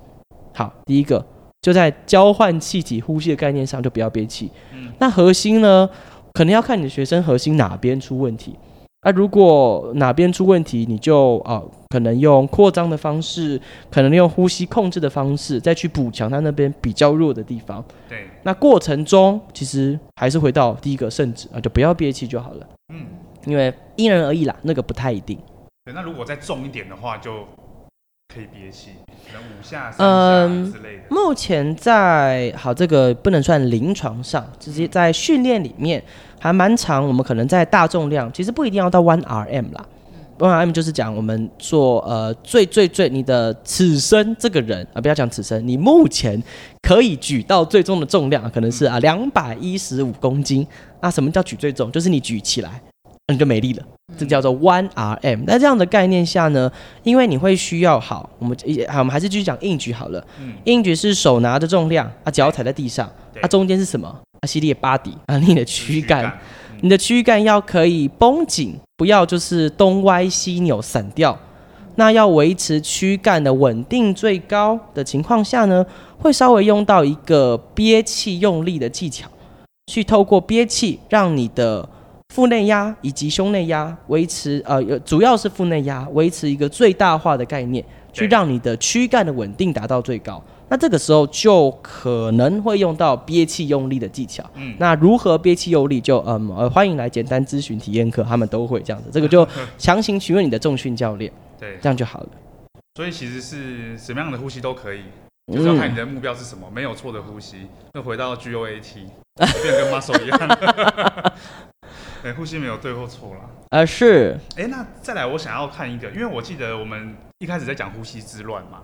好，第一個就在交換氣體呼吸的概念上就不要憋氣。嗯，那核心呢，可能要看你的學生核心哪邊出問題。那、啊、如果哪邊出問題，你就啊，可能用擴張的方式，可能用呼吸控制的方式，再去補強他那邊比較弱的地方。對，那過程中其實還是回到第一個聖旨啊，就不要憋氣就好了。嗯，因為因人而異啦，那個不太一定。對，那如果再重一點的話，就。可以憋氣，可能五下、嗯，之類的。嗯、目前在，好，這個不能算臨床上，直接在訓練裡面還蠻長。我們可能在大重量，其實不一定要到 one RM 啦。one RM 就是講我們做呃最最最你的此生這個人啊，不要講此生，你目前可以舉到最重的重量可能是啊兩百一十五公斤。嗯、那什麼叫舉最重？就是你舉起來，啊、你就沒力了。是叫做 one RM。那這樣的概念下呢，因為你會需要好，我們好，我們還是繼續講硬舉好了。嗯、硬舉是手拿着重量，啊，腳踩在地上，對啊，中間是什麼？啊，系列巴底，d 啊，你的軀幹，嗯、你的軀幹要可以繃緊，不要就是東歪西扭散掉。那要維持軀幹的穩定最高的情況下呢，會稍微用到一個憋氣用力的技巧，去透過憋氣讓你的。腹內壓以及胸內壓維持，呃，主要是腹內壓維持一個最大化的概念，對去讓你的軀幹的穩定達到最高。那這個時候就可能會用到憋氣用力的技巧。嗯，那如何憋氣用力就，就嗯、呃，歡迎來簡單諮詢體驗課，他們都會這樣子。這個就強行詢問你的重訓教練。對，這樣就好了。所以其實是什麼樣的呼吸都可以，就是要看你的目標是什麼，沒有錯的呼吸。又回到 GOAT，變跟 muscle 一樣。 *laughs* 欸、呼吸沒有對或錯了，啊是。哎、欸，那再來，我想要看一個，因為我記得我們一開始在講呼吸之亂嘛，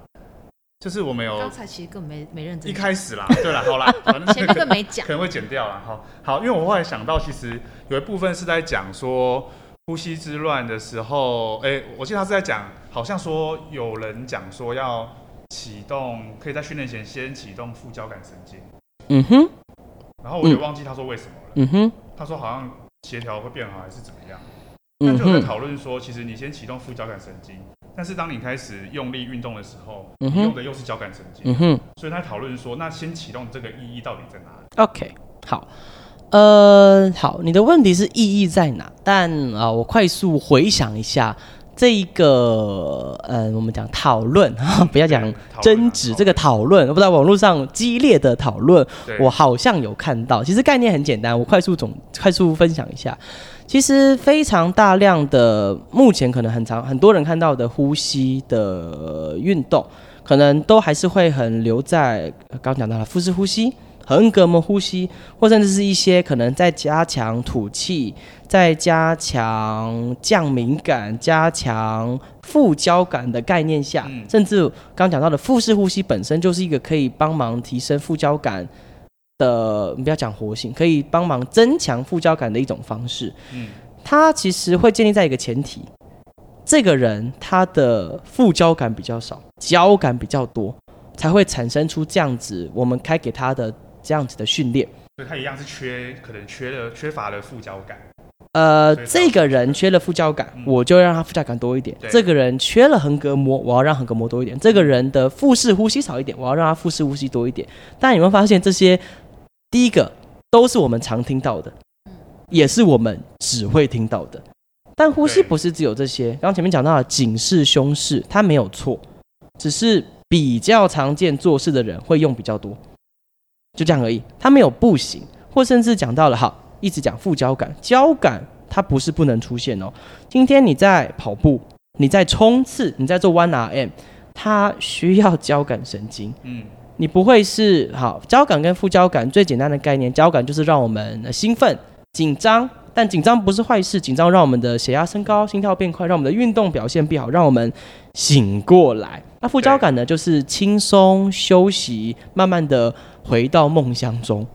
就是我們有剛才其實根本沒沒認真一開始啦，對啦，好啦，反正前面更沒講，可能會剪掉了好，好，因為我後來想到，其實有一部分是在講說呼吸之亂的時候，哎、欸，我記得他是在講，好像說有人講說要啟動，可以在訓練前先啟動副交感神經。嗯哼，然後我也忘記他說為什麼了。嗯，嗯哼，他說好像。協調會變好還是怎麼樣？嗯、哼那就在討論說，其實你先啟動副交感神經，但是當你開始用力運動的時候，嗯、哼你用的又是交感神經。嗯、哼所以他討論說，那先啟動這個意義到底在哪裡？OK，好，呃，好，你的問題是意義在哪？但啊、呃，我快速回想一下。這一個，嗯，我們講討論，不要講爭執。這個討論，討論我不知道網絡上激烈的討論，對我好像有看到。其實概念很簡單，我快速總快速分享一下。其實非常大量的，目前可能很常，很多人看到的呼吸的運動，可能都還是會很留在剛，剛講到了腹式呼吸。橫膈膜呼吸，或甚至是一些可能在加強吐氣、在加強降敏感、加強副交感的概念下，嗯、甚至剛講到的腹式呼吸本身就是一個可以幫忙提升副交感的，不要講活性，可以幫忙增強副交感的一種方式。嗯，它其實會建立在一個前提，這個人他的副交感比較少，交感比較多，才會產生出這樣子我們開給他的。這樣子的訓練，所以他一樣是缺，可能缺了缺乏了副交感。呃，這個人缺了副交感，嗯、我就讓他副交感多一點。對這個人缺了橫膈膜，我要讓橫膈膜多一點。這個人的腹式呼吸少一點，我要讓他腹式呼吸多一點。但有沒有發現這些？第一個都是我們常聽到的，也是我們只會聽到的。但呼吸不是只有這些。剛對剛前面講到的頸式、胸式，它沒有錯，只是比較常見做事的人會用比較多。就這樣而已，它沒有不行，或甚至講到了好，一直講副交感，交感它不是不能出現哦。今天你在跑步，你在衝刺，你在做 One RM，它需要交感神經。嗯，你不會是，好，交感跟副交感，最簡單的概念，交感就是讓我們興奮、緊張，但緊張不是壞事，緊張讓我們的血壓升高，心跳變快，讓我們的運動表現變好，讓我們醒過來。那副交感呢，對就是輕鬆休息，慢慢的。回到夢鄉中，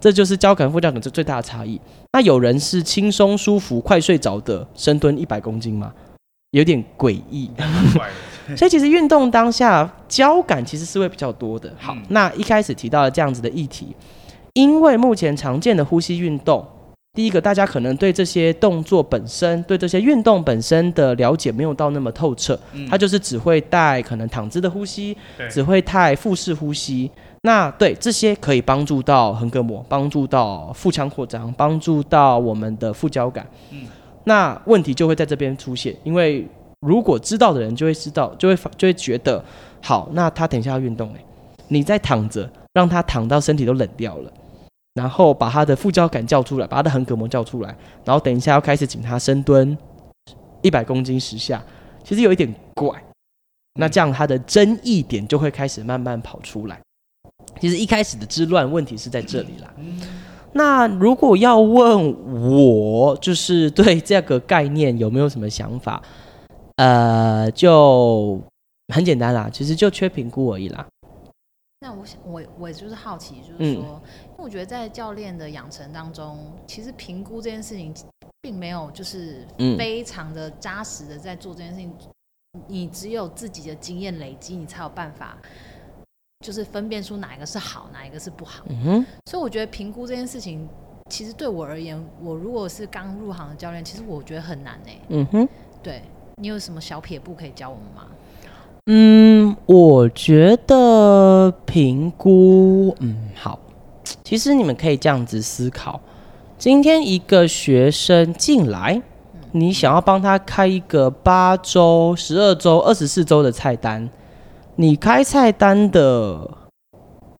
這就是交感副交感這最大的差異。那有人是輕鬆舒服、快睡着的深蹲一百公斤嗎？有點詭異。 *laughs* 所以其實運動當下交感其實是會比較多的。好，那一開始提到了這樣子的議題，嗯、因為目前常見的呼吸運動，第一個大家可能對這些動作本身、對這些運動本身的了解沒有到那麼透徹。他、嗯、它就是只會帶可能躺姿的呼吸，對只會帶腹式呼吸。那對這些可以幫助到橫膈膜，幫助到腹腔擴張，幫助到我們的副交感。嗯，那問題就會在這邊出現，因為如果知道的人就會知道，就會就會覺得好，那他等一下要運動誒，你在躺着，讓他躺到身體都冷掉了，然後把他的副交感叫出來，把他的橫膈膜叫出來，然後等一下要開始請他深蹲一百公斤十下，其實有一點怪，那這樣他的爭議點就會開始慢慢跑出來。其實一開始的之亂問題是在這裡啦。嗯、那如果要問我，就是對這個概念有沒有什麼想法？呃，就很簡單啦，其實就缺評估而已啦。那我想，我我就是好奇，就是說，嗯、因為我覺得在教練的養成當中，其實評估這件事情並沒有就是非常的紮實的在做這件事情。嗯、你只有自己的經驗累積，你才有辦法。就是分辨出哪一個是好，哪一個是不好。嗯哼，所以我覺得評估這件事情，其實對我而言，我如果是剛入行的教練，其實我覺得很難呢、欸。嗯哼，對，你有什麼小撇步可以教我們嗎？嗯，我覺得評估，嗯，好。其實你們可以這樣子思考：今天一個學生進來，嗯、你想要幫他開一個八週、十二週、二十四週的菜單。你開菜單的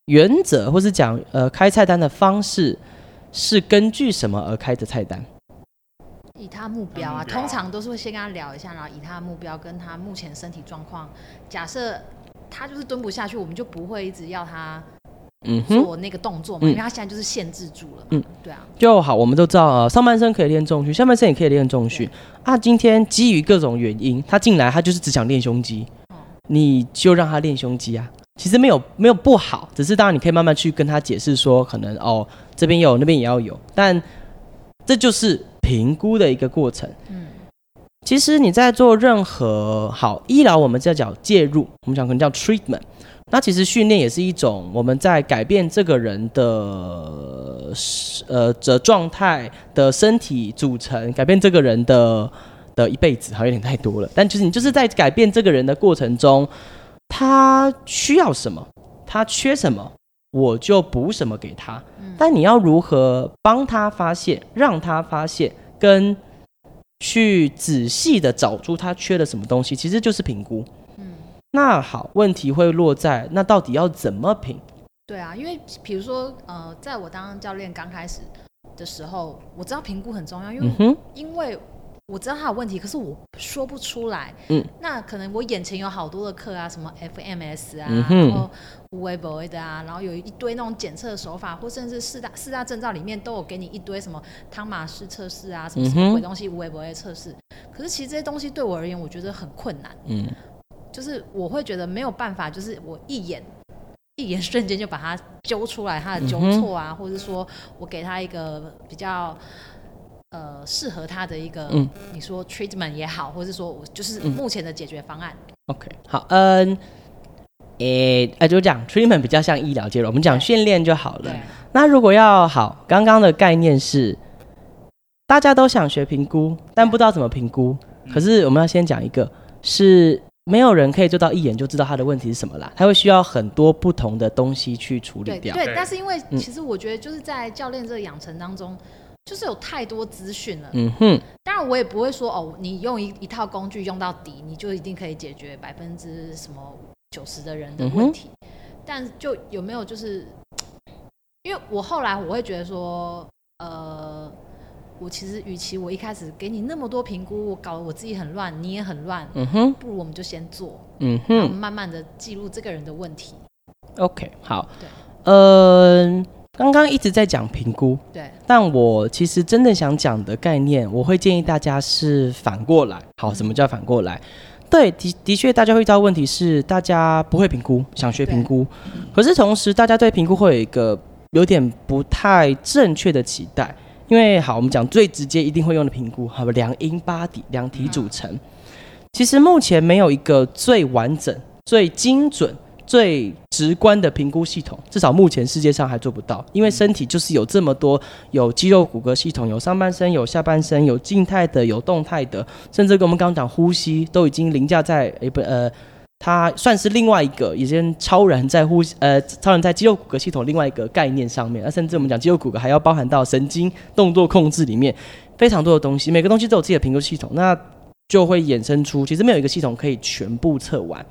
原則，或是講呃開菜單的方式，是根據什麼而開的菜單？以他目標啊，通常都是會先跟他聊一下，然後以他的目標跟他目前身體狀況。假設他就是蹲不下去，我們就不會一直要他嗯做那個動作嘛，嗯、哼因為他現在就是限制住了嘛。嗯，對啊，就好，我們都知道啊，上半身可以練重訓，下半身也可以練重訓啊。對今天基於各種原因，他進來，他就是只想練胸肌。你就讓他練胸肌啊，其實沒有沒有不好，只是當然你可以慢慢去跟他解釋說，可能哦這邊有那邊也要有，但這就是評估的一個過程。嗯，其實你在做任何好醫療，我們在講介入，我們講可能叫 treatment，那其實訓練也是一種我們在改變這個人的呃的狀態的身體組成，改變這個人的。的一輩子好像有點太多了，但就是你就是在改變這個人的過程中，他需要什麼，他缺什麼，我就補什麼給他。嗯。但你要如何幫他發現，讓他發現跟去仔細的找出他缺的什麼東西，其實就是評估。嗯，那好，問題會落在那到底要怎麼評？對啊，因為比如說呃，在我當教練剛開始的時候，我知道評估很重要，因為因為。嗯我知道他有問題，可是我說不出來。嗯，那可能我眼前有好多的課啊，什麼 FMS 啊，嗯、哼然後無微不為的啊，然後有一堆那種檢測手法，或甚至四大四大證照裡面都有給你一堆什麼湯馬氏測試啊，什麼，什麼鬼東西、嗯、哼無微不微的測試。可是其實這些東西對我而言，我覺得很困難。嗯，就是我會覺得沒有辦法，就是我一眼一眼瞬間就把它揪出來，嗯、哼他的糾錯啊，或者是說我給他一個比較。呃，適合他的一個，嗯、你說 treatment 也好，或是說我就是目前的解決方案。嗯、OK，好，嗯，誒、欸，哎、呃，就講 treatment 比較像醫療介入，對我們講訓練就好了。對那如果要好，剛剛的概念是大家都想學評估，但不知道怎麼評估。對可是我們要先講一個，是沒有人可以做到一眼就知道他的問題是什麼啦，他會需要很多不同的東西去處理掉。對，對對但是因為、嗯、其實我覺得就是在教練這個養成當中。就是有太多資訊了，嗯哼。當然，我也不會說哦，你用一一套工具用到底，你就一定可以解決百分之什麼九十的人的問題。嗯哼。但就有沒有就是，因為我後來我會覺得說，呃，我其實與其我一開始給你那麼多評估，我搞得我自己很亂，你也很亂，嗯哼。不如我們就先做，嗯哼，慢慢的記錄這個人的問題。OK，好，對，嗯。剛剛一直在講評估，對，但我其實真的想講的概念，我會建議大家是反過來。好，什麼叫反過來？對的的確，大家會遇到問題是，大家不會評估，想學評估，可是同時大家對評估會有一個有點不太正確的期待，因為好，我們講最直接一定會用的評估，好，兩英八底，兩體組成，嗯、其實目前沒有一個最完整、最精準、最。直觀的評估系統，至少目前世界上還做不到，因為身體就是有這麼多，有肌肉骨骼系統，有上半身，有下半身，有靜態的，有動態的，甚至跟我們剛剛講呼吸，都已經凌駕在，誒、欸、不，呃，它算是另外一個已經超人在呼吸，呃，超人在肌肉骨骼系統另外一個概念上面，那甚至我們講肌肉骨骼還要包含到神經動作控制裡面，非常多的東西，每個東西都有自己的評估系統，那就會衍生出，其實沒有一個系統可以全部測完。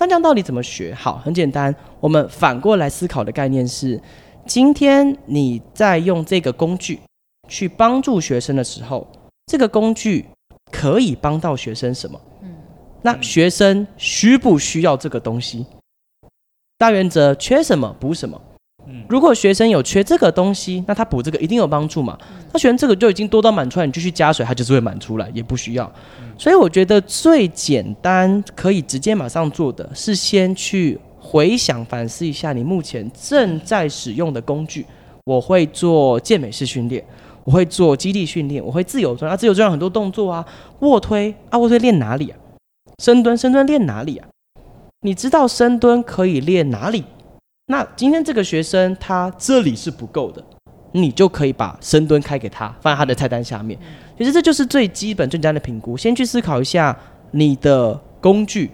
那這樣到底怎麼學？好，很簡單。我們反過來思考的概念是：今天你在用這個工具去幫助學生的時候，這個工具可以幫到學生什麼？那學生需不需要這個東西？大原則：缺什麼補什麼。如果學生有缺這個東西，那他補這個一定有幫助嘛。他學這個就已經多到滿出來，你繼續加水，它就是會滿出來，也不需要。所以我覺得最簡單可以直接馬上做的是，先去回想反思一下你目前正在使用的工具。我會做健美式訓練，我會做肌力訓練，我會自由重量啊，自由重量很多動作啊，臥推啊，臥推練哪裡啊？深蹲，深蹲練哪裡啊？你知道深蹲可以練哪裡？那今天這個學生他這裡是不夠的，你就可以把深蹲開給他，放在他的菜單下面。其實這就是最基本、最簡單的評估。先去思考一下你的工具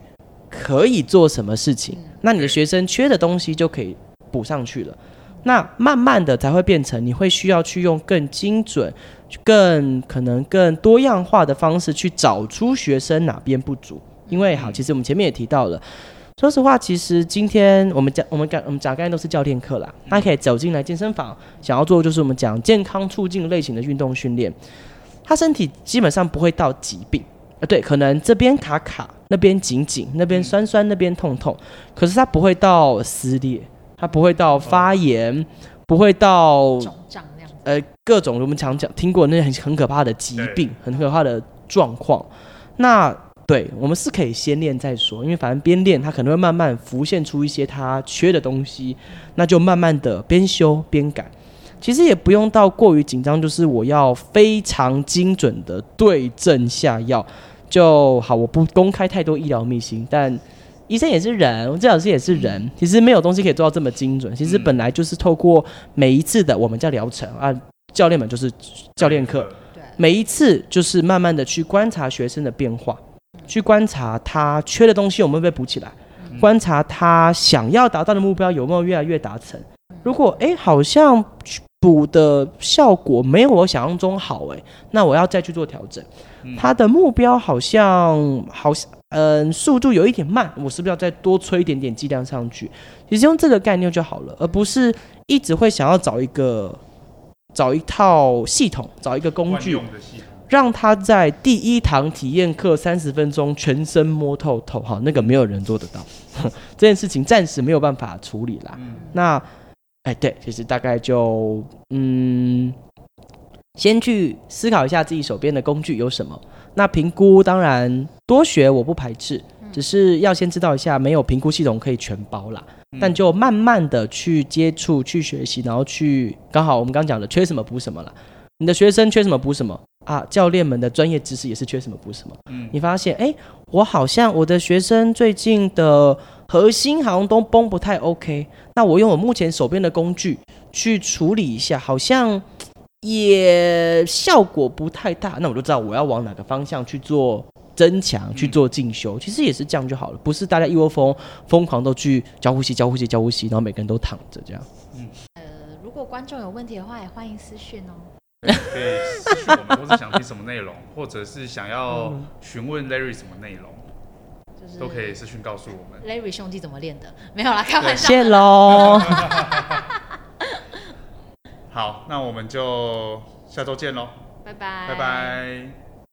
可以做什麼事情，那你的學生缺的東西就可以補上去了。那慢慢的才會變成你會需要去用更精準、更可能、更多樣化的方式去找出學生哪邊不足。因為好，其實我們前面也提到了。說實話，其實今天我們講我們講我們講剛才都是教練課啦，嗯、他可以走進來健身房，想要做的就是我們講健康促進類型的運動訓練。他身體基本上不會到疾病啊，呃，對，可能這邊卡卡，那邊緊緊，那邊痠痠，那邊痛痛，嗯、可是他不會到撕裂，他不會到發炎，嗯，不會到，嗯、呃，各種我們常講聽過那些很很可怕的疾病，欸，很可怕的狀況。那對，我們是可以先練再說，因為反正邊練，他可能會慢慢浮現出一些他缺的東西，那就慢慢的邊修邊改。其實也不用到過於緊張，就是我要非常精準的對症下藥就好。我不公開太多醫療祕辛，但醫生也是人，我治療師也是人，嗯、其實沒有東西可以做到這麼精準。嗯、其實本來就是透過每一次的我們叫療程啊，教練們就是教練課，對對每一次就是慢慢的去觀察學生的變化。去觀察他缺的東西有沒有被補起來，嗯、觀察他想要達到的目標有沒有越來越達成。如果哎、欸，好像補的效果沒有我想象中好、欸，哎，那我要再去做調整。嗯、他的目標好像好像嗯、呃，速度有一點慢，我是不是要再多催一點點劑量上去？其實用這個概念就好了，而不是一直會想要找一個找一套系統，找一個工具。讓他在第一堂體驗課三十分鐘全身摸透透哈，那個沒有人做得到。這件事情暫時沒有辦法處理啦。嗯、那，哎、欸，對，其實大概就嗯，先去思考一下自己手邊的工具有什麼。那評估當然多學我不排斥，嗯、只是要先知道一下，沒有評估系統可以全包啦。但就慢慢的去接觸、去學習，然後去剛好我們剛講的缺什麼補什麼啦。你的學生缺什麼補什麼。啊，教練們的專業知識也是缺什麼補什麼。嗯，你發現，哎、欸，我好像我的學生最近的核心好像都崩不太 OK。那我用我目前手邊的工具去處理一下，好像也效果不太大。那我就知道我要往哪個方向去做增強，去做進修。嗯、其實也是這樣就好了，不是大家一窩蜂瘋狂都去教呼吸、教呼吸、教呼吸，然後每個人都躺着這樣。嗯，呃，如果觀眾有問題的話，也歡迎私訊哦。 *laughs* 可以私訊我們，或者想聽什麼內容，或者是想要詢問 Larry 什麼內容，嗯，都可以私訊告訴我們。Larry 兄弟怎麼練的？沒有啦，開玩笑。謝謝嘍。好，那我們就下周見嘍。拜拜 bye，拜拜。